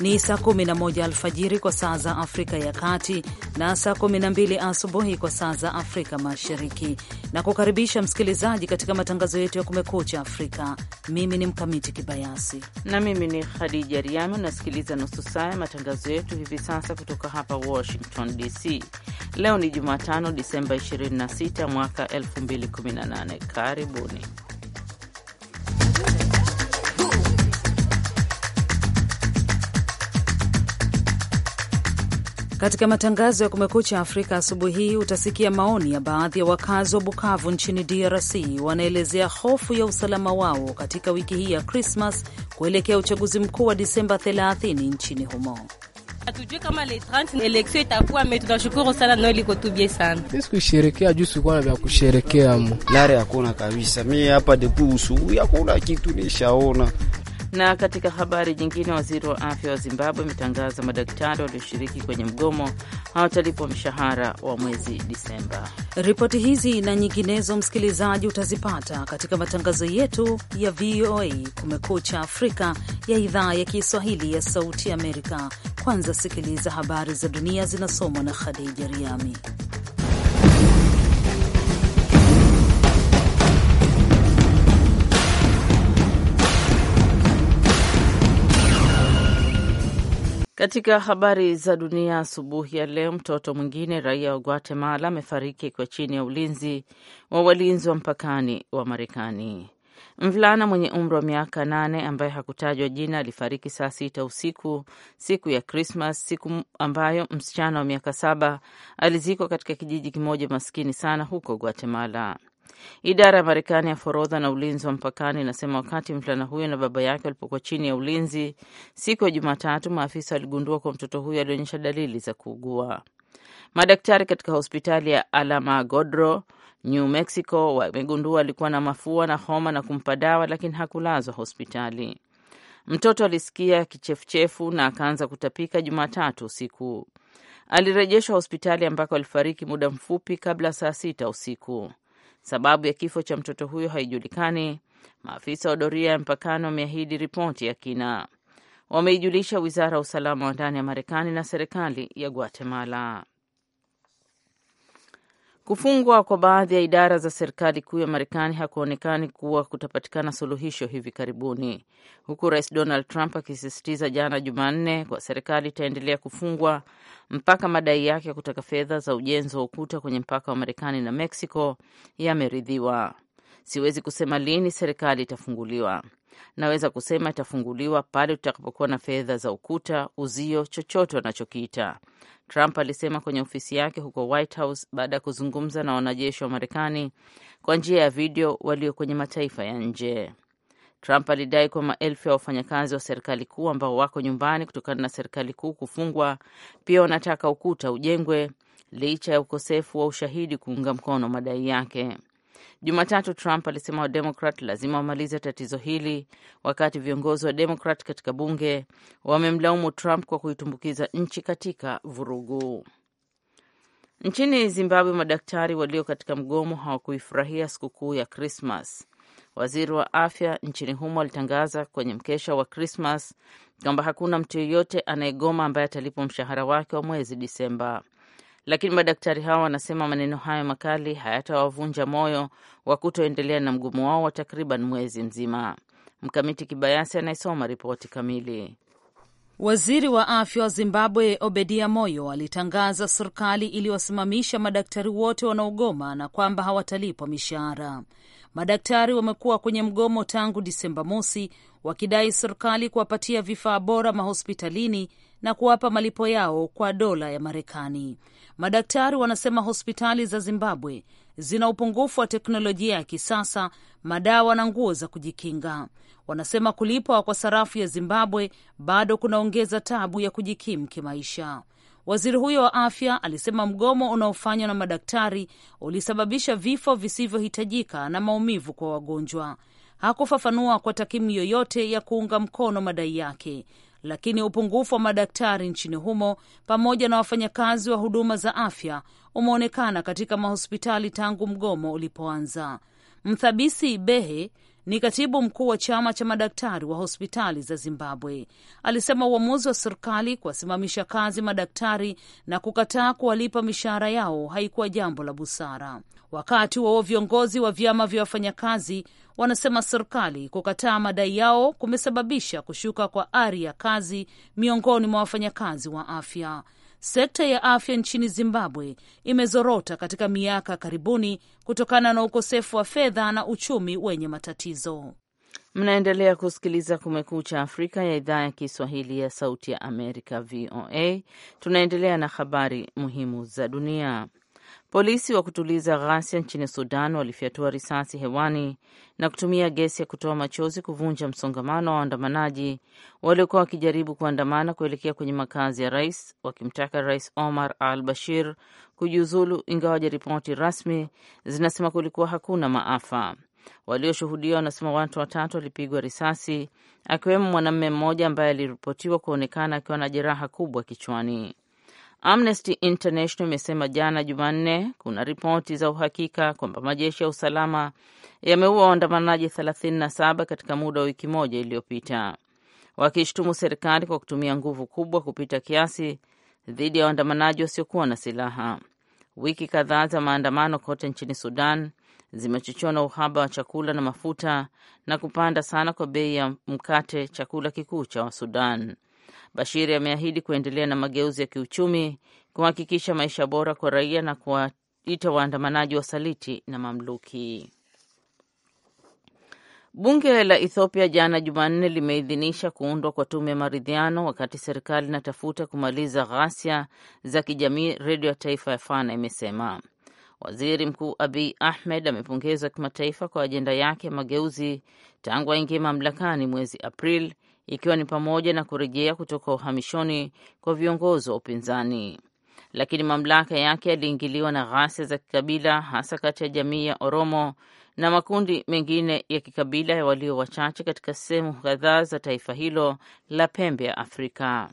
Ni saa 11 alfajiri kwa saa za Afrika ya Kati na saa 12 asubuhi kwa saa za Afrika Mashariki, na kukaribisha msikilizaji katika matangazo yetu ya Kumekucha Afrika. Mimi ni Mkamiti Kibayasi na mimi ni Khadija Riami. Unasikiliza nusu saa ya matangazo yetu hivi sasa kutoka hapa Washington DC. Leo ni Jumatano, Disemba 26 mwaka 2018. Karibuni. Katika matangazo ya Kumekucha Afrika asubuhi hii utasikia maoni ya baadhi ya wakazi wa Bukavu nchini DRC wanaelezea hofu ya usalama wao katika wiki hii ya Krismas kuelekea uchaguzi mkuu wa Disemba 30 nchini humo. Hatujui kama le 30 eleksio itakuwa me, tunashukuru sana nao liko tubie sana sisi kuisherekea juu sikuwa na vya kusherekea mo lare hakuna kabisa. Mi hapa depuu usubuhi hakuna kitu nishaona na katika habari nyingine, waziri wa afya wa Zimbabwe ametangaza madaktari walioshiriki kwenye mgomo hawatalipwa mshahara wa mwezi Disemba. Ripoti hizi na nyinginezo, msikilizaji, utazipata katika matangazo yetu ya VOA Kumekucha Afrika ya idhaa ya Kiswahili ya Sauti Amerika. Kwanza sikiliza habari za dunia zinasomwa na Khadija Riami. Katika habari za dunia asubuhi ya leo, mtoto mwingine raia wa Guatemala amefariki kwa chini ya ulinzi wa walinzi wa mpakani wa Marekani. Mvulana mwenye umri wa miaka nane ambaye hakutajwa jina alifariki saa sita usiku siku ya Krismas, siku ambayo msichana wa miaka saba alizikwa katika kijiji kimoja maskini sana huko Guatemala. Idara ya Marekani ya forodha na ulinzi wa mpakani inasema wakati mvulana huyo na baba yake walipokuwa chini ya ulinzi siku ya Jumatatu, maafisa waligundua kuwa mtoto huyo alionyesha dalili za kuugua. Madaktari katika hospitali ya Alamogordo New Mexico wamegundua alikuwa na mafua na homa na kumpa dawa, lakini hakulazwa hospitali. Mtoto alisikia kichefuchefu na akaanza kutapika Jumatatu usiku. Alirejeshwa hospitali ambako alifariki muda mfupi kabla saa sita usiku. Sababu ya kifo cha mtoto huyo haijulikani. Maafisa wa doria ya mpakani wameahidi ripoti ya kina. Wameijulisha wizara ya usalama wa ndani ya Marekani na serikali ya Guatemala. Kufungwa kwa baadhi ya idara za serikali kuu ya Marekani hakuonekani kuwa kutapatikana suluhisho hivi karibuni, huku Rais Donald Trump akisisitiza jana Jumanne kwa serikali itaendelea kufungwa mpaka madai yake ya kutaka fedha za ujenzi wa ukuta kwenye mpaka wa Marekani na Mexico yameridhiwa. Siwezi kusema lini serikali itafunguliwa. Naweza kusema itafunguliwa pale tutakapokuwa na fedha za ukuta, uzio, chochote wanachokiita. Trump alisema kwenye ofisi yake huko White House baada ya kuzungumza na wanajeshi wa Marekani kwa njia ya video walio kwenye mataifa ya nje. Trump alidai kwa maelfu ya wafanyakazi wa serikali kuu ambao wako nyumbani kutokana na serikali kuu kufungwa pia wanataka ukuta ujengwe licha ya ukosefu wa ushahidi kuunga mkono madai yake. Jumatatu Trump alisema Wademokrat lazima wamalize tatizo hili, wakati viongozi wa Demokrat katika bunge wamemlaumu Trump kwa kuitumbukiza nchi katika vurugu. Nchini Zimbabwe, madaktari walio katika mgomo hawakuifurahia sikukuu ya Krismas. Waziri wa afya nchini humo alitangaza kwenye mkesha wa Krismas kwamba hakuna mtu yeyote anayegoma ambaye atalipwa mshahara wake wa mwezi Disemba lakini madaktari hao wanasema maneno hayo makali hayatawavunja moyo wa kutoendelea na mgomo wao wa takriban mwezi mzima. Mkamiti Kibayasi anayesoma ripoti kamili. Waziri wa afya wa Zimbabwe Obedia Moyo alitangaza serikali iliyowasimamisha madaktari wote wanaogoma na kwamba hawatalipwa mishahara. Madaktari wamekuwa kwenye mgomo tangu Disemba mosi wakidai serikali kuwapatia vifaa bora mahospitalini na kuwapa malipo yao kwa dola ya Marekani. Madaktari wanasema hospitali za Zimbabwe zina upungufu wa teknolojia ya kisasa, madawa na nguo za kujikinga. Wanasema kulipwa kwa sarafu ya Zimbabwe bado kunaongeza tabu ya kujikimu kimaisha. Waziri huyo wa afya alisema mgomo unaofanywa na madaktari ulisababisha vifo visivyohitajika na maumivu kwa wagonjwa. Hakufafanua kwa takwimu yoyote ya kuunga mkono madai yake, lakini upungufu wa madaktari nchini humo pamoja na wafanyakazi wa huduma za afya umeonekana katika mahospitali tangu mgomo ulipoanza. Mthabisi Behe ni katibu mkuu wa chama cha madaktari wa hospitali za Zimbabwe. Alisema uamuzi wa serikali kuwasimamisha kazi madaktari na kukataa kuwalipa mishahara yao haikuwa jambo la busara. Wakati wao viongozi wa vyama vya wafanyakazi wanasema serikali kukataa madai yao kumesababisha kushuka kwa ari ya kazi miongoni mwa wafanyakazi wa afya. Sekta ya afya nchini Zimbabwe imezorota katika miaka karibuni kutokana na ukosefu wa fedha na uchumi wenye matatizo. Mnaendelea kusikiliza Kumekucha Afrika ya idhaa ya Kiswahili ya Sauti ya Amerika, VOA. Tunaendelea na habari muhimu za dunia. Polisi wa kutuliza ghasia nchini Sudan walifyatua risasi hewani na kutumia gesi ya kutoa machozi kuvunja msongamano wa waandamanaji waliokuwa wakijaribu kuandamana kuelekea kwenye makazi ya rais, wakimtaka Rais Omar al Bashir kujiuzulu, ingawaje ripoti rasmi zinasema kulikuwa hakuna maafa. Walioshuhudia wanasema watu watatu walipigwa risasi, akiwemo mwanamume mmoja ambaye aliripotiwa kuonekana akiwa na jeraha kubwa kichwani. Amnesty International imesema jana Jumanne kuna ripoti za uhakika kwamba majeshi ya usalama yameua waandamanaji 37 katika muda wa wiki moja iliyopita, wakishtumu serikali kwa kutumia nguvu kubwa kupita kiasi dhidi ya waandamanaji wasiokuwa na silaha. Wiki kadhaa za maandamano kote nchini Sudan zimechochewa na uhaba wa chakula na mafuta na kupanda sana kwa bei ya mkate, chakula kikuu cha Wasudan. Bashiri ameahidi kuendelea na mageuzi ya kiuchumi, kuhakikisha maisha bora kwa raia na kuwaita waandamanaji wasaliti na mamluki. Bunge la Ethiopia jana Jumanne limeidhinisha kuundwa kwa tume ya maridhiano wakati serikali inatafuta kumaliza ghasia za kijamii. Redio ya taifa ya Fana imesema waziri mkuu Abiy Ahmed amepongezwa kimataifa kwa ajenda yake ya mageuzi tangu aingie mamlakani mwezi Aprili, ikiwa ni pamoja na kurejea kutoka uhamishoni kwa viongozi wa upinzani, lakini mamlaka yake yaliingiliwa na ghasia za kikabila, hasa kati ya jamii ya Oromo na makundi mengine ya kikabila ya walio wachache katika sehemu kadhaa za taifa hilo la pembe ya Afrika.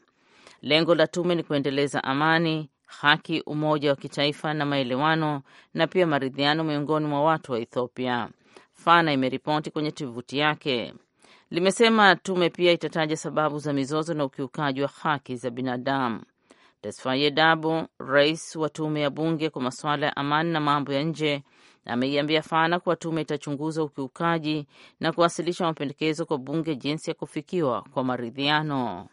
Lengo la tume ni kuendeleza amani, haki, umoja wa kitaifa na maelewano na pia maridhiano miongoni mwa watu wa Ethiopia. Fana imeripoti kwenye tovuti yake limesema tume pia itataja sababu za mizozo na ukiukaji wa haki za binadamu. Tesfaye Dabo, rais wa tume ya bunge kwa masuala ya amani na mambo ya nje, ameiambia Fana kuwa tume itachunguza ukiukaji na kuwasilisha mapendekezo kwa bunge jinsi ya kufikiwa kwa maridhiano.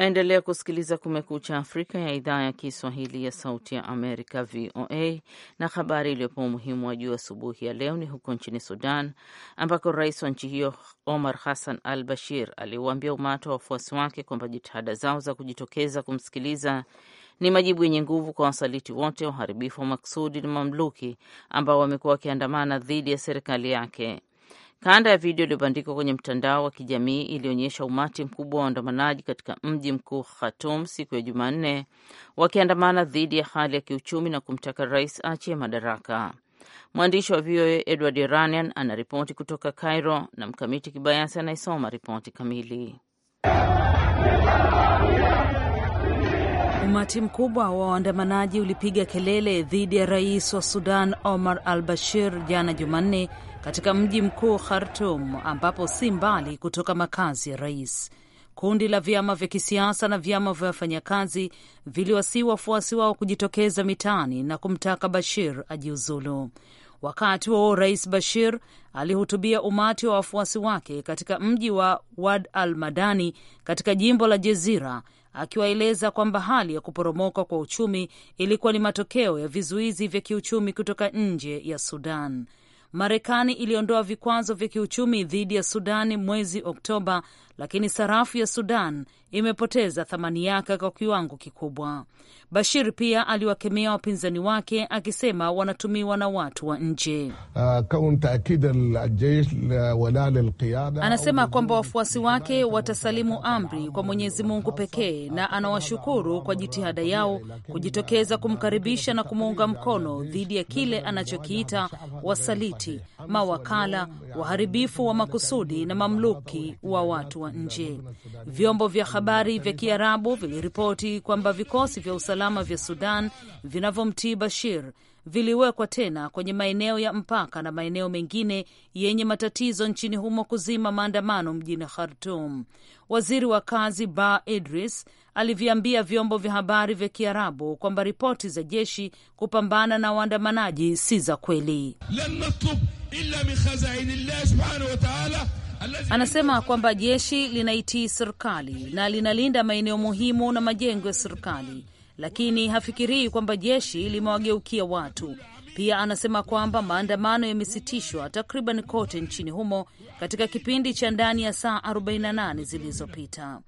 Naendelea kusikiliza Kumekucha Afrika ya idhaa ya Kiswahili ya Sauti ya Amerika, VOA. Na habari iliyopewa umuhimu wa juu asubuhi ya leo ni huko nchini Sudan, ambako rais wa nchi hiyo Omar Hassan al Bashir aliuambia umati wa wafuasi wake kwamba jitihada zao za kujitokeza kumsikiliza ni majibu yenye nguvu kwa wasaliti wote, uharibifu wa maksudi na mamluki ambao wamekuwa wakiandamana dhidi ya serikali yake. Kanda ya video iliyobandikwa kwenye mtandao wa kijamii ilionyesha umati mkubwa wa waandamanaji katika mji mkuu Khartoum siku ya Jumanne wakiandamana dhidi ya hali ya kiuchumi na kumtaka rais achie madaraka. Mwandishi wa VOA Edward Iranian anaripoti kutoka Cairo na Mkamiti Kibayasi anayesoma ripoti kamili. Umati mkubwa wa waandamanaji ulipiga kelele dhidi ya rais wa Sudan Omar al Bashir jana Jumanne katika mji mkuu Khartum, ambapo si mbali kutoka makazi ya rais. Kundi la vyama vya kisiasa na vyama vya wafanyakazi viliwasii wafuasi wao kujitokeza mitaani na kumtaka Bashir ajiuzulu. Wakati huo rais Bashir alihutubia umati wa wafuasi wake katika mji wa Wad al Madani katika jimbo la Jezira, akiwaeleza kwamba hali ya kuporomoka kwa uchumi ilikuwa ni matokeo ya vizuizi vya kiuchumi kutoka nje ya Sudan. Marekani iliondoa vikwazo vya kiuchumi dhidi ya Sudani mwezi Oktoba lakini sarafu ya Sudan imepoteza thamani yake kwa kiwango kikubwa. Bashir pia aliwakemea wapinzani wake akisema wanatumiwa na watu wa nje. Ah, Anasema kwamba wafuasi wake watasalimu amri kwa Mwenyezi Mungu pekee, na anawashukuru kwa jitihada yao kujitokeza kumkaribisha na kumuunga mkono dhidi ya kile anachokiita wasaliti, mawakala, waharibifu wa makusudi na mamluki wa watu wa wa nje. Vyombo vya habari vya Kiarabu viliripoti kwamba vikosi vya usalama vya Sudan vinavyomtii Bashir viliwekwa tena kwenye maeneo ya mpaka na maeneo mengine yenye matatizo nchini humo kuzima maandamano mjini Khartum. Waziri wa kazi Ba Idris aliviambia vyombo vya habari vya Kiarabu kwamba ripoti za jeshi kupambana na waandamanaji si za kweli. lan natlub illa min llah subhanahu wa taala Anasema kwamba jeshi linaitii serikali na linalinda maeneo muhimu na majengo ya serikali, lakini hafikirii kwamba jeshi limewageukia watu. Pia anasema kwamba maandamano yamesitishwa takriban kote nchini humo katika kipindi cha ndani ya saa 48 zilizopita.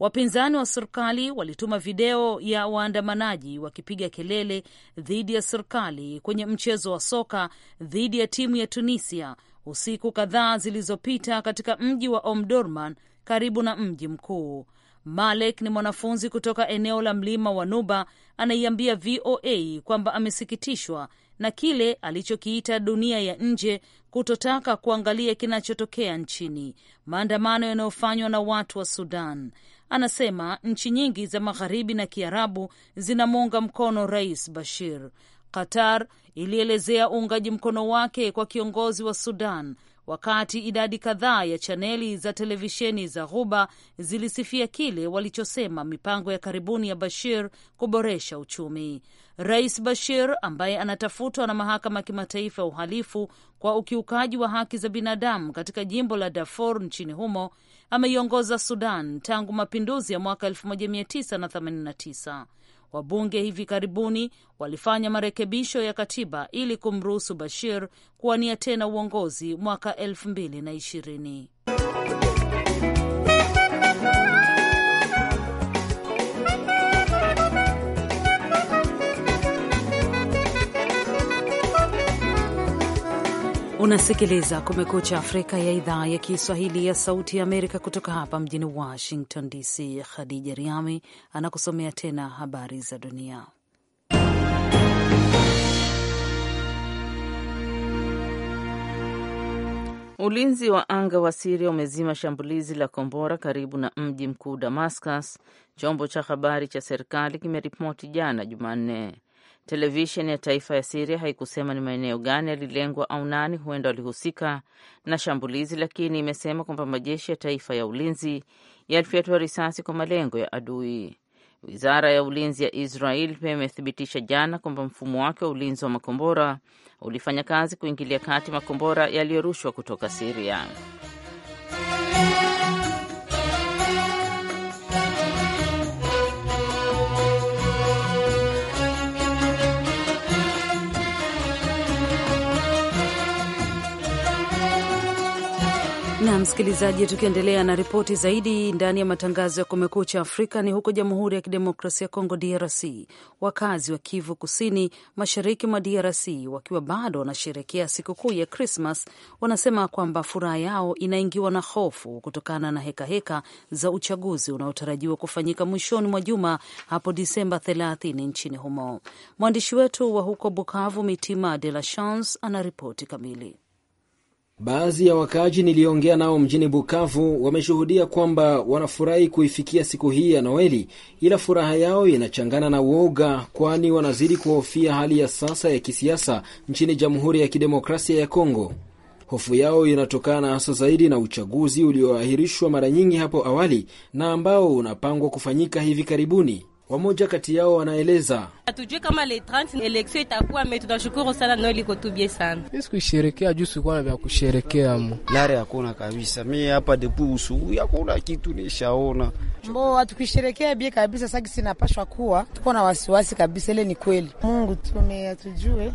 Wapinzani wa serikali walituma video ya waandamanaji wakipiga kelele dhidi ya serikali kwenye mchezo wa soka dhidi ya timu ya Tunisia usiku kadhaa zilizopita katika mji wa Omdurman karibu na mji mkuu. Malek ni mwanafunzi kutoka eneo la mlima wa Nuba anaiambia VOA kwamba amesikitishwa na kile alichokiita dunia ya nje kutotaka kuangalia kinachotokea nchini, maandamano yanayofanywa na watu wa Sudan. Anasema nchi nyingi za magharibi na Kiarabu zinamuunga mkono Rais Bashir, Qatar ilielezea uungaji mkono wake kwa kiongozi wa Sudan wakati idadi kadhaa ya chaneli za televisheni za Ghuba zilisifia kile walichosema mipango ya karibuni ya Bashir kuboresha uchumi. Rais Bashir ambaye anatafutwa na mahakama ya kimataifa ya uhalifu kwa ukiukaji wa haki za binadamu katika jimbo la Darfur nchini humo ameiongoza Sudan tangu mapinduzi ya mwaka 1989. Wabunge hivi karibuni walifanya marekebisho ya katiba ili kumruhusu Bashir kuwania tena uongozi mwaka elfu mbili na ishirini. Unasikiliza Kumekucha Afrika ya idhaa ya Kiswahili ya Sauti ya Amerika kutoka hapa mjini Washington DC. Khadija Riami anakusomea tena habari za dunia. Ulinzi wa anga wa Siria umezima shambulizi la kombora karibu na mji mkuu Damascus, chombo cha habari cha serikali kimeripoti jana Jumanne. Televisheni ya taifa ya Siria haikusema ni maeneo gani yalilengwa au nani huenda walihusika na shambulizi, lakini imesema kwamba majeshi ya taifa ya ulinzi yalifyatua risasi kwa malengo ya adui. Wizara ya ulinzi ya Israel pia imethibitisha jana kwamba mfumo wake wa ulinzi wa makombora ulifanya kazi kuingilia kati makombora yaliyorushwa kutoka Siria. na msikilizaji, tukiendelea na ripoti zaidi ndani ya matangazo ya Kumekucha Afrika ni huko Jamhuri ya Kidemokrasia ya Kongo, DRC. Wakazi wa Kivu Kusini, mashariki mwa DRC, wakiwa bado wanasherekea sikukuu ya Krismas, wanasema kwamba furaha yao inaingiwa na hofu kutokana na hekaheka heka za uchaguzi unaotarajiwa kufanyika mwishoni mwa juma hapo Disemba 30 nchini humo. Mwandishi wetu wa huko Bukavu, Mitima De La Chance, ana ripoti kamili. Baadhi ya wakaaji niliyoongea nao mjini Bukavu wameshuhudia kwamba wanafurahi kuifikia siku hii ya Noeli, ila furaha yao inachangana na uoga, kwani wanazidi kuhofia hali ya sasa ya kisiasa nchini Jamhuri ya Kidemokrasia ya Kongo. Hofu yao inatokana hasa zaidi na uchaguzi ulioahirishwa mara nyingi hapo awali na ambao unapangwa kufanyika hivi karibuni. Wamoja kati yao wanaeleza, hatujui kama le 30 eleksio itakuwa me, tunashukuru sana nao liko tubie sana isikuisherekea juu sikuwa na vya kusherekea mu lare hakuna kabisa. Mi hapa depu usuhuyi hakuna kitu nishaona mbo hatukisherekea bie kabisa. Sasa sinapashwa kuwa tuko na wasiwasi kabisa, ile ni kweli. Mungu tume hatujue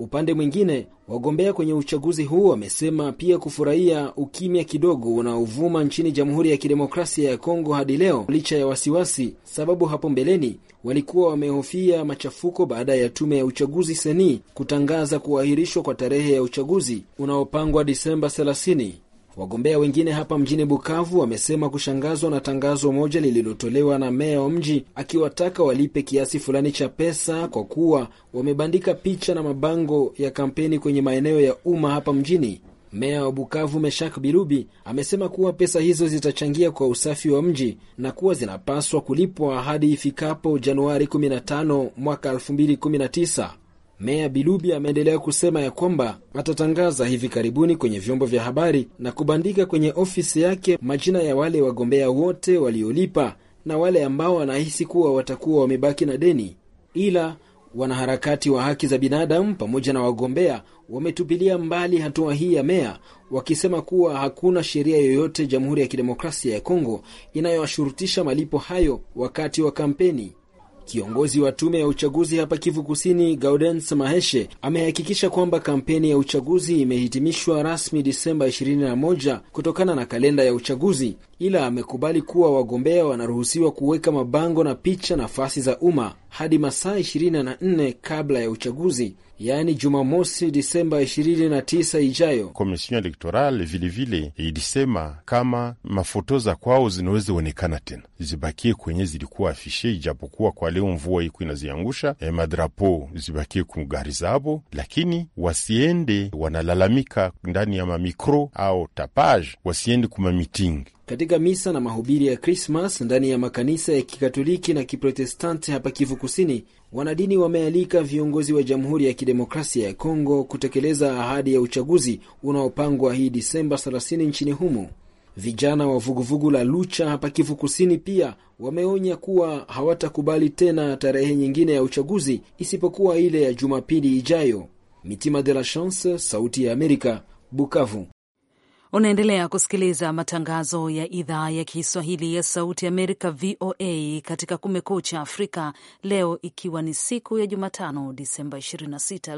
Upande mwingine, wagombea kwenye uchaguzi huu wamesema pia kufurahia ukimya kidogo unaovuma nchini Jamhuri ya Kidemokrasia ya Kongo hadi leo, licha ya wasiwasi, sababu hapo mbeleni walikuwa wamehofia machafuko baada ya tume ya uchaguzi seni kutangaza kuahirishwa kwa tarehe ya uchaguzi unaopangwa Disemba Wagombea wengine hapa mjini Bukavu wamesema kushangazwa na tangazo moja lililotolewa na meya wa mji akiwataka walipe kiasi fulani cha pesa kwa kuwa wamebandika picha na mabango ya kampeni kwenye maeneo ya umma hapa mjini. Meya wa Bukavu Meshak Birubi amesema kuwa pesa hizo zitachangia kwa usafi wa mji na kuwa zinapaswa kulipwa hadi ifikapo Januari 15 mwaka 2019. Meya Bilubi ameendelea kusema ya kwamba atatangaza hivi karibuni kwenye vyombo vya habari na kubandika kwenye ofisi yake majina ya wale wagombea wote waliolipa na wale ambao wanahisi kuwa watakuwa wamebaki na deni. Ila wanaharakati wa haki za binadamu pamoja na wagombea wametupilia mbali hatua hii ya meya, wakisema kuwa hakuna sheria yoyote Jamhuri ya Kidemokrasia ya Kongo inayowashurutisha malipo hayo wakati wa kampeni. Kiongozi wa tume ya uchaguzi hapa Kivu Kusini, Gaudens Maheshe, amehakikisha kwamba kampeni ya uchaguzi imehitimishwa rasmi Disemba 21 kutokana na kalenda ya uchaguzi, ila amekubali kuwa wagombea wanaruhusiwa kuweka mabango na picha nafasi za umma hadi masaa 24 kabla ya uchaguzi, yaani Jumamosi Disemba 29 ijayo. Komision elektorale vilevile ilisema kama mafoto za kwao zinaweza onekana tena, zibakie kwenye zilikuwa afishe, ijapokuwa kwa leo mvua iko inaziangusha. E, madrapo zibakie kugari zabo, lakini wasiende wanalalamika ndani ya mamikro au tapage, wasiende kumamitingi katika misa na mahubiri ya Krismas ndani ya makanisa ya Kikatoliki na Kiprotestanti hapa Kivu Kusini, wanadini wamealika viongozi wa Jamhuri ya Kidemokrasia ya Kongo kutekeleza ahadi ya uchaguzi unaopangwa hii Disemba 30 nchini humo. Vijana wa vuguvugu la Lucha hapa Kivu Kusini pia wameonya kuwa hawatakubali tena tarehe nyingine ya uchaguzi isipokuwa ile ya Jumapili ijayo. Mitima de la Chance, Sauti ya Amerika, Bukavu. Unaendelea kusikiliza matangazo ya idhaa ya Kiswahili ya Sauti Amerika, VOA, katika Kumekucha Afrika, leo ikiwa ni siku ya Jumatano, Disemba 26,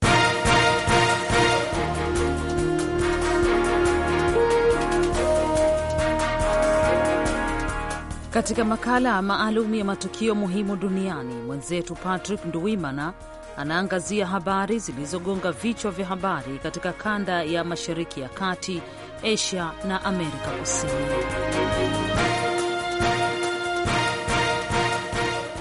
2018. Katika makala maalum ya matukio muhimu duniani, mwenzetu Patrick Nduwimana anaangazia habari zilizogonga vichwa vya habari katika kanda ya Mashariki ya Kati, Asia na Amerika Kusini.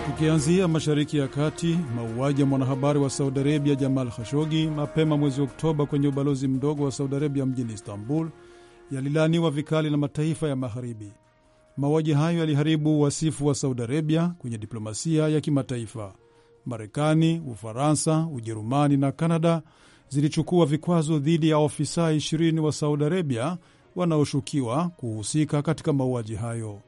Tukianzia Mashariki ya Kati, mauaji ya mwanahabari wa Saudi Arabia Jamal Khashoggi mapema mwezi Oktoba kwenye ubalozi mdogo wa Saudi Arabia mjini Istanbul yalilaaniwa vikali na mataifa ya Magharibi. Mauaji hayo yaliharibu wasifu wa Saudi Arabia kwenye diplomasia ya kimataifa. Marekani, Ufaransa, Ujerumani na Kanada zilichukua vikwazo dhidi ya ofisa 20 wa Saudi Arabia wanaoshukiwa kuhusika katika mauaji hayo.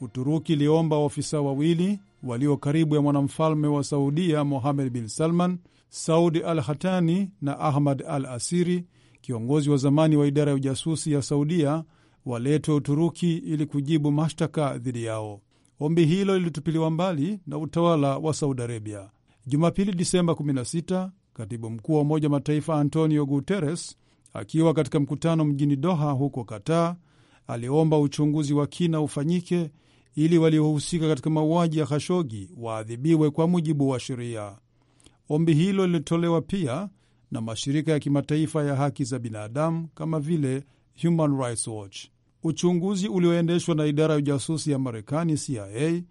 Uturuki iliomba ofisa wawili walio karibu ya mwanamfalme wa Saudia Mohamed bin Salman, Saudi al Hatani na Ahmad al Asiri, kiongozi wa zamani wa idara ya ujasusi ya Saudia, waletwe Uturuki ili kujibu mashtaka dhidi yao. Ombi hilo lilitupiliwa mbali na utawala wa Saudi Arabia Jumapili, Disemba 16. Katibu mkuu wa Umoja Mataifa Antonio Guterres akiwa katika mkutano mjini Doha huko Qatar aliomba uchunguzi wa kina ufanyike ili waliohusika katika mauaji ya Khashogi waadhibiwe kwa mujibu wa sheria. Ombi hilo lilitolewa pia na mashirika ya kimataifa ya haki za binadamu kama vile Human Rights Watch. Uchunguzi ulioendeshwa na idara ya ujasusi ya Marekani, CIA,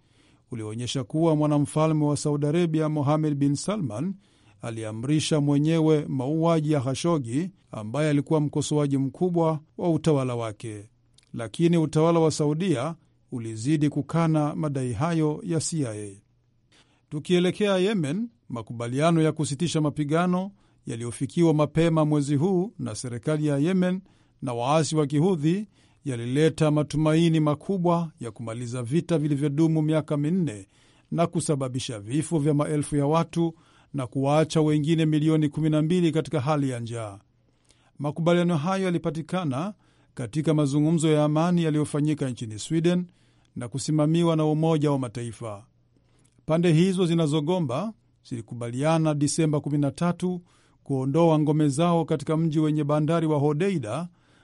ulioonyesha kuwa mwanamfalme wa Saudi Arabia Mohamed bin Salman aliamrisha mwenyewe mauaji ya hashogi ambaye alikuwa mkosoaji mkubwa wa utawala wake, lakini utawala wa Saudia ulizidi kukana madai hayo ya CIA. Tukielekea Yemen, makubaliano ya kusitisha mapigano yaliyofikiwa mapema mwezi huu na serikali ya Yemen na waasi wa Kihudhi yalileta matumaini makubwa ya kumaliza vita vilivyodumu miaka minne na kusababisha vifo vya maelfu ya watu na kuwaacha wengine milioni 12 katika hali ya njaa. Makubaliano hayo yalipatikana katika mazungumzo ya amani yaliyofanyika nchini Sweden na kusimamiwa na Umoja wa Mataifa. Pande hizo zinazogomba zilikubaliana Disemba 13 kuondoa ngome zao katika mji wenye bandari wa Hodeida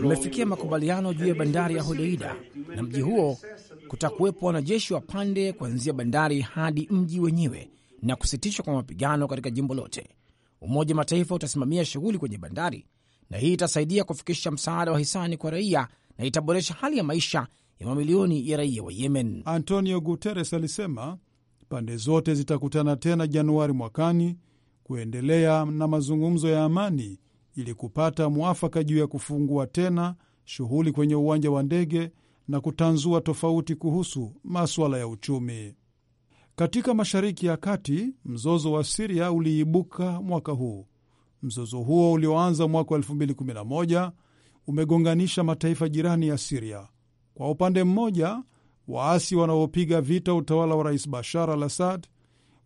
Mmefikia makubaliano juu ya bandari ya Hodeida na mji huo, kutakuwepo wanajeshi wa pande kuanzia bandari hadi mji wenyewe na kusitishwa kwa mapigano katika jimbo lote. Umoja wa Mataifa utasimamia shughuli kwenye bandari, na hii itasaidia kufikisha msaada wa hisani kwa raia na itaboresha hali ya maisha ya mamilioni ya raia wa Yemen. Antonio Guterres alisema pande zote zitakutana tena Januari mwakani kuendelea na mazungumzo ya amani ili kupata mwafaka juu ya kufungua tena shughuli kwenye uwanja wa ndege na kutanzua tofauti kuhusu maswala ya uchumi. Katika Mashariki ya Kati, mzozo wa Siria uliibuka mwaka huu. Mzozo huo ulioanza mwaka 2011 umegonganisha mataifa jirani ya Siria. Kwa upande mmoja, waasi wanaopiga vita utawala wa Rais Bashar al Assad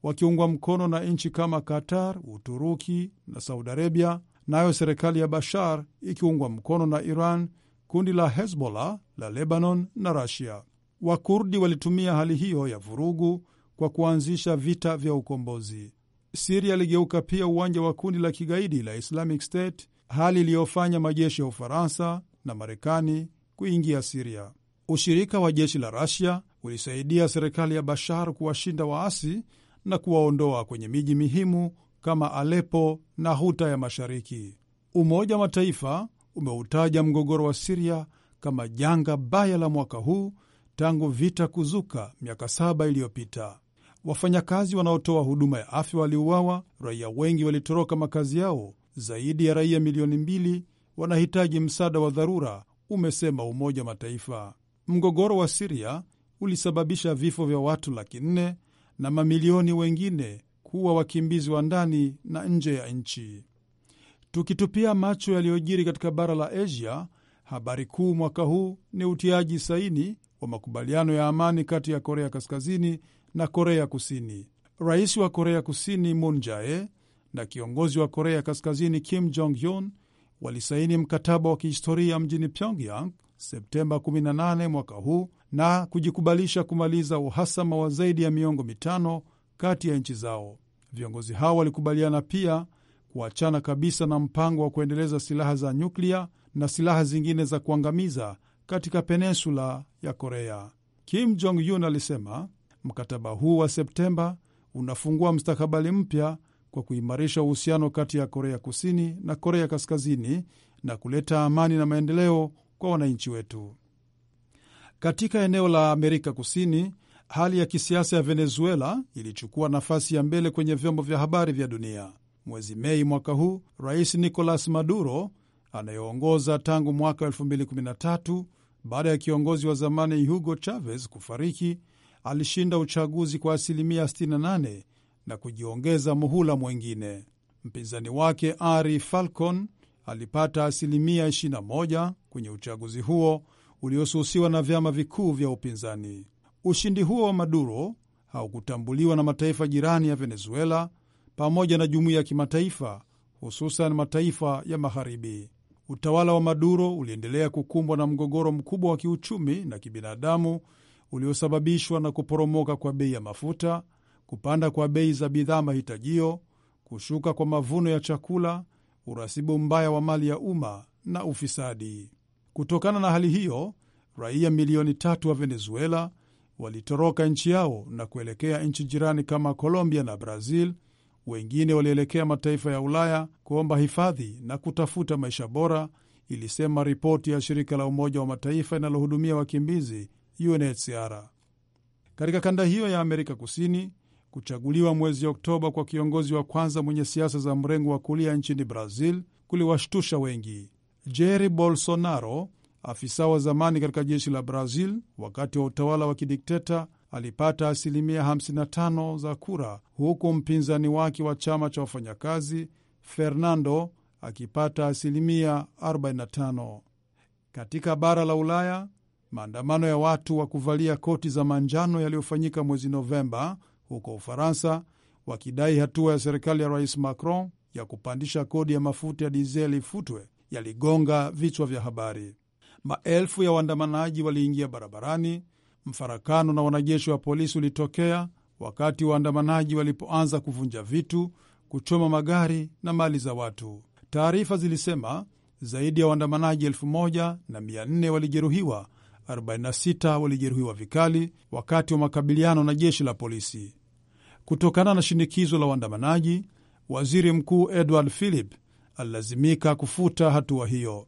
wakiungwa mkono na nchi kama Qatar, Uturuki na Saudi Arabia nayo serikali ya Bashar ikiungwa mkono na Iran, kundi la Hezbollah la Lebanon na Rasia. Wakurdi walitumia hali hiyo ya vurugu kwa kuanzisha vita vya ukombozi. Siria iligeuka pia uwanja wa kundi la kigaidi la Islamic State, hali iliyofanya majeshi ya Ufaransa na Marekani kuingia Siria. Ushirika wa jeshi la Rasia ulisaidia serikali ya Bashar kuwashinda waasi na kuwaondoa kwenye miji muhimu kama Alepo na Huta ya Mashariki. Umoja wa Mataifa umeutaja mgogoro wa Siria kama janga baya la mwaka huu tangu vita kuzuka miaka saba iliyopita. Wafanyakazi wanaotoa huduma ya afya waliuawa, raia wengi walitoroka makazi yao, zaidi ya raia milioni mbili wanahitaji msaada wa dharura, umesema Umoja wa Mataifa. Mgogoro wa Siria ulisababisha vifo vya watu laki nne na mamilioni wengine kuwa wakimbizi wa ndani na nje ya nchi. Tukitupia macho yaliyojiri katika bara la Asia, habari kuu mwaka huu ni utiaji saini wa makubaliano ya amani kati ya Korea Kaskazini na Korea Kusini. Rais wa Korea Kusini Moon Jae na kiongozi wa Korea Kaskazini Kim Jong Un walisaini mkataba wa kihistoria mjini Pyongyang Septemba 18 mwaka huu na kujikubalisha kumaliza uhasama wa zaidi ya miongo mitano kati ya nchi zao. Viongozi hao walikubaliana pia kuachana kabisa na mpango wa kuendeleza silaha za nyuklia na silaha zingine za kuangamiza katika peninsula ya Korea. Kim Jong Un alisema mkataba huu wa Septemba unafungua mstakabali mpya kwa kuimarisha uhusiano kati ya Korea Kusini na Korea Kaskazini na kuleta amani na maendeleo kwa wananchi wetu. Katika eneo la Amerika Kusini, hali ya kisiasa ya Venezuela ilichukua nafasi ya mbele kwenye vyombo vya habari vya dunia. Mwezi Mei mwaka huu, Rais Nicolas Maduro anayeongoza tangu mwaka 2013 baada ya kiongozi wa zamani Hugo Chavez kufariki, alishinda uchaguzi kwa asilimia 68 na kujiongeza muhula mwengine. Mpinzani wake Ari Falcon alipata asilimia 21 kwenye uchaguzi huo uliosusiwa na vyama vikuu vya upinzani. Ushindi huo wa Maduro haukutambuliwa na mataifa jirani ya Venezuela pamoja na jumuiya ya kimataifa, hususan mataifa ya Magharibi. Utawala wa Maduro uliendelea kukumbwa na mgogoro mkubwa wa kiuchumi na kibinadamu uliosababishwa na kuporomoka kwa bei ya mafuta, kupanda kwa bei za bidhaa mahitajio, kushuka kwa mavuno ya chakula, urasibu mbaya wa mali ya umma na ufisadi. Kutokana na hali hiyo, raia milioni tatu wa Venezuela walitoroka nchi yao na kuelekea nchi jirani kama Colombia na Brazil. Wengine walielekea mataifa ya Ulaya kuomba hifadhi na kutafuta maisha bora, ilisema ripoti ya shirika la Umoja wa Mataifa linalohudumia wakimbizi UNHCR. Katika kanda hiyo ya Amerika Kusini, kuchaguliwa mwezi Oktoba kwa kiongozi wa kwanza mwenye siasa za mrengo wa kulia nchini Brazil kuliwashtusha wengi. Jair Bolsonaro afisa wa zamani katika jeshi la Brazil wakati wa utawala wa kidikteta alipata asilimia 55 za kura, huku mpinzani wake wa chama cha wafanyakazi Fernando akipata asilimia 45. Katika bara la Ulaya, maandamano ya watu wa kuvalia koti za manjano yaliyofanyika mwezi Novemba huko Ufaransa wakidai hatua ya serikali ya Rais Macron ya kupandisha kodi ya mafuta ya dizeli ifutwe yaligonga vichwa vya habari. Maelfu ya waandamanaji waliingia barabarani. Mfarakano na wanajeshi wa polisi ulitokea wakati waandamanaji walipoanza kuvunja vitu, kuchoma magari na mali za watu. Taarifa zilisema zaidi ya waandamanaji elfu moja na mia nne walijeruhiwa, 46 walijeruhiwa vikali wakati wa makabiliano na jeshi la polisi. Kutokana na shinikizo la waandamanaji, waziri mkuu Edward Philip alilazimika kufuta hatua hiyo.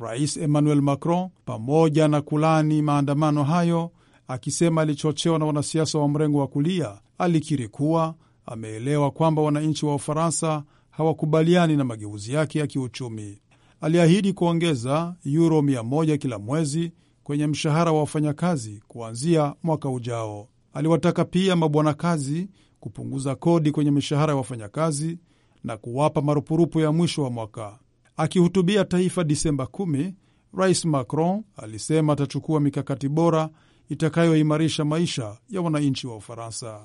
Rais Emmanuel Macron pamoja na kulani maandamano hayo akisema alichochewa na wanasiasa wa mrengo wa kulia, alikiri kuwa ameelewa kwamba wananchi wa Ufaransa hawakubaliani na mageuzi yake ya kiuchumi. Aliahidi kuongeza yuro 100 kila mwezi kwenye mshahara wa wafanyakazi kuanzia mwaka ujao. Aliwataka pia mabwanakazi kupunguza kodi kwenye mishahara ya wafanyakazi na kuwapa marupurupu ya mwisho wa mwaka. Akihutubia taifa Disemba 10, Rais Macron alisema atachukua mikakati bora itakayoimarisha maisha ya wananchi wa Ufaransa.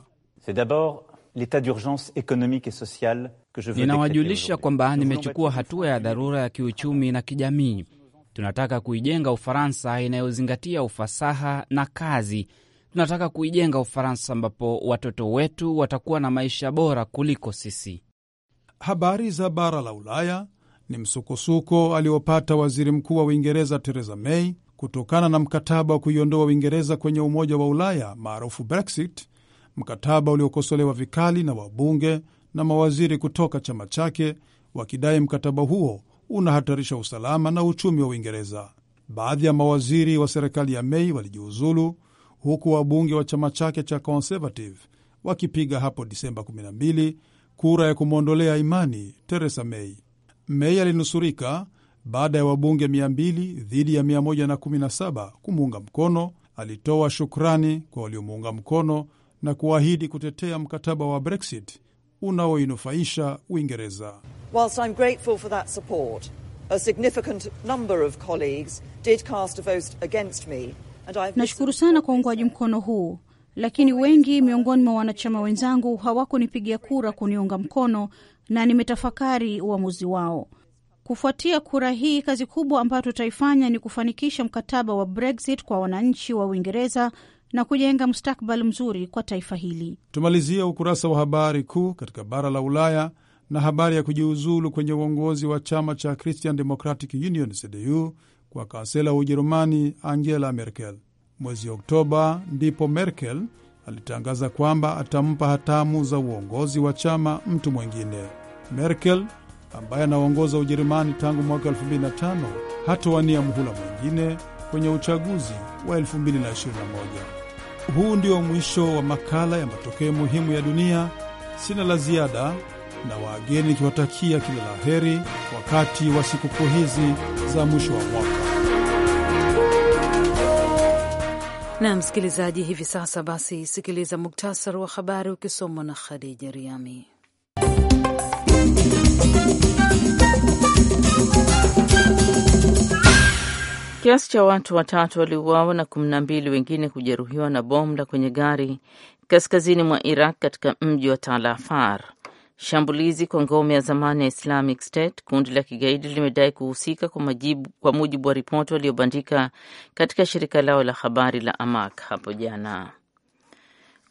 Ninawajulisha kwamba nimechukua hatua ya dharura ya kiuchumi na kijamii. Tunataka kuijenga Ufaransa inayozingatia ufasaha na kazi. Tunataka kuijenga Ufaransa ambapo watoto wetu watakuwa na maisha bora kuliko sisi. Habari za bara la Ulaya ni msukosuko aliopata waziri mkuu wa Uingereza Theresa May kutokana na mkataba wa kuiondoa Uingereza kwenye Umoja wa Ulaya maarufu Brexit, mkataba uliokosolewa vikali na wabunge na mawaziri kutoka chama chake wakidai mkataba huo unahatarisha usalama na uchumi wa Uingereza. Baadhi ya mawaziri wa serikali ya mei walijiuzulu huku wabunge wa chama chake cha Conservative wakipiga hapo Disemba 12 kura ya kumwondolea imani Theresa Mei. Mei alinusurika baada ya wabunge 200 dhidi ya 117 kumuunga mkono. Alitoa shukrani kwa waliomuunga mkono na kuahidi kutetea mkataba wa Brexit unaoinufaisha Uingereza. Nashukuru sana kwa uungwaji mkono huu lakini wengi miongoni mwa wanachama wenzangu hawakunipigia kura kuniunga mkono, na nimetafakari uamuzi wao. Kufuatia kura hii, kazi kubwa ambayo tutaifanya ni kufanikisha mkataba wa Brexit kwa wananchi wa Uingereza na kujenga mustakabali mzuri kwa taifa hili. Tumalizia ukurasa wa habari kuu katika bara la Ulaya na habari ya kujiuzulu kwenye uongozi wa chama cha Christian Democratic Union CDU kwa kansela wa Ujerumani Angela Merkel. Mwezi Oktoba ndipo Merkel alitangaza kwamba atampa hatamu za uongozi wa chama mtu mwingine. Merkel ambaye anaongoza Ujerumani tangu mwaka 2005 hatowania muhula mwingine kwenye uchaguzi wa 2021. Huu ndio mwisho wa makala ya matokeo muhimu ya dunia. Sina la ziada na wageni nikiwatakia kila la heri wakati wa sikukuu hizi za mwisho wa mwaka. na msikilizaji, hivi sasa basi sikiliza muktasari wa habari ukisomwa na Khadija Riami. Kiasi cha watu watatu waliuawa na kumi na mbili wengine kujeruhiwa na bomu la kwenye gari kaskazini mwa Iraq katika mji wa talafar shambulizi kwa ngome ya zamani ya Islamic State. Kundi la kigaidi limedai kuhusika kwa majibu, kwa mujibu wa ripoti waliobandika katika shirika lao la habari la Amak hapo jana.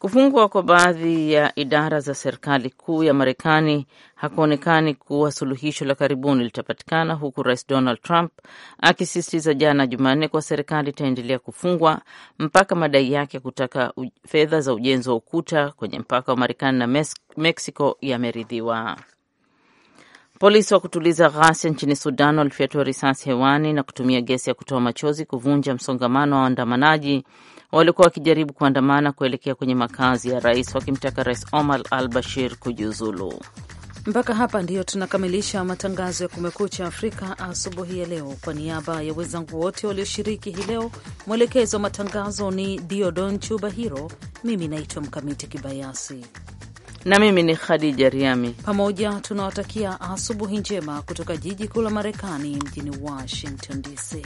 Kufungwa kwa baadhi ya idara za serikali kuu ya Marekani hakuonekani kuwa suluhisho la karibuni litapatikana, huku Rais Donald Trump akisisitiza jana Jumanne kuwa serikali itaendelea kufungwa mpaka madai yake ya kutaka fedha za ujenzi wa ukuta kwenye mpaka wa Marekani na Meksiko yameridhiwa. Polisi wa kutuliza ghasia nchini Sudan walifyatua risasi hewani na kutumia gesi ya kutoa machozi kuvunja msongamano wa waandamanaji walikuwa wakijaribu kuandamana kuelekea kwenye makazi ya rais wakimtaka Rais Omar al Bashir kujiuzulu. Mpaka hapa ndiyo tunakamilisha matangazo ya Kumekucha Afrika asubuhi ya leo. Kwa niaba ya wenzangu wote walioshiriki hii leo, mwelekezo wa matangazo ni Diodon Chubahiro, mimi naitwa Mkamiti Kibayasi na mimi ni Khadija Riami. Pamoja tunawatakia asubuhi njema kutoka jiji kuu la Marekani, mjini Washington DC.